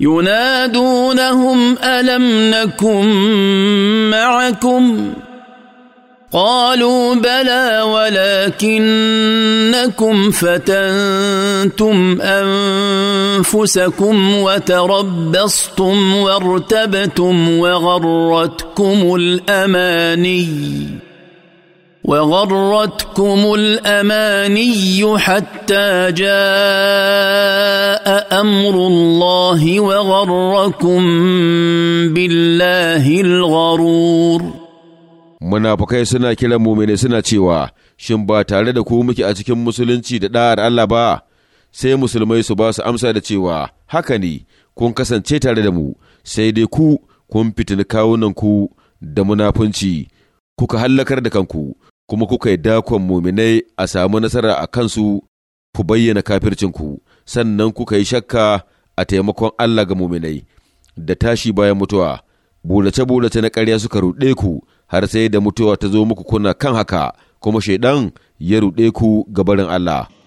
ينادونهم الم نكن معكم قالوا بلى ولكنكم فتنتم انفسكم وتربصتم وارتبتم وغرتكم الاماني وغرتكم الاماني حتى جاء امر الله وغركم بالله الغرور munafukai suna kiran mumini suna cewa shin ba tare da ku muke a cikin musulunci da ɗa'ar Allah ba sai musulmai su ba su amsa da cewa haka ne kun kasance tare da mu sai dai ku kun fitin kawunanku da munafunci kuka hallakar da kanku kuma kuka yi dakon muminai a samu nasara a kansu ku bayyana kafircinku sannan kuka yi shakka a taimakon Allah ga muminai da tashi bayan mutuwa bulace-bulace na ƙarya suka ruɗe ku har sai da mutuwa ta zo muku kuna kan haka kuma shaidan ya ruɗe ku ga barin Allah.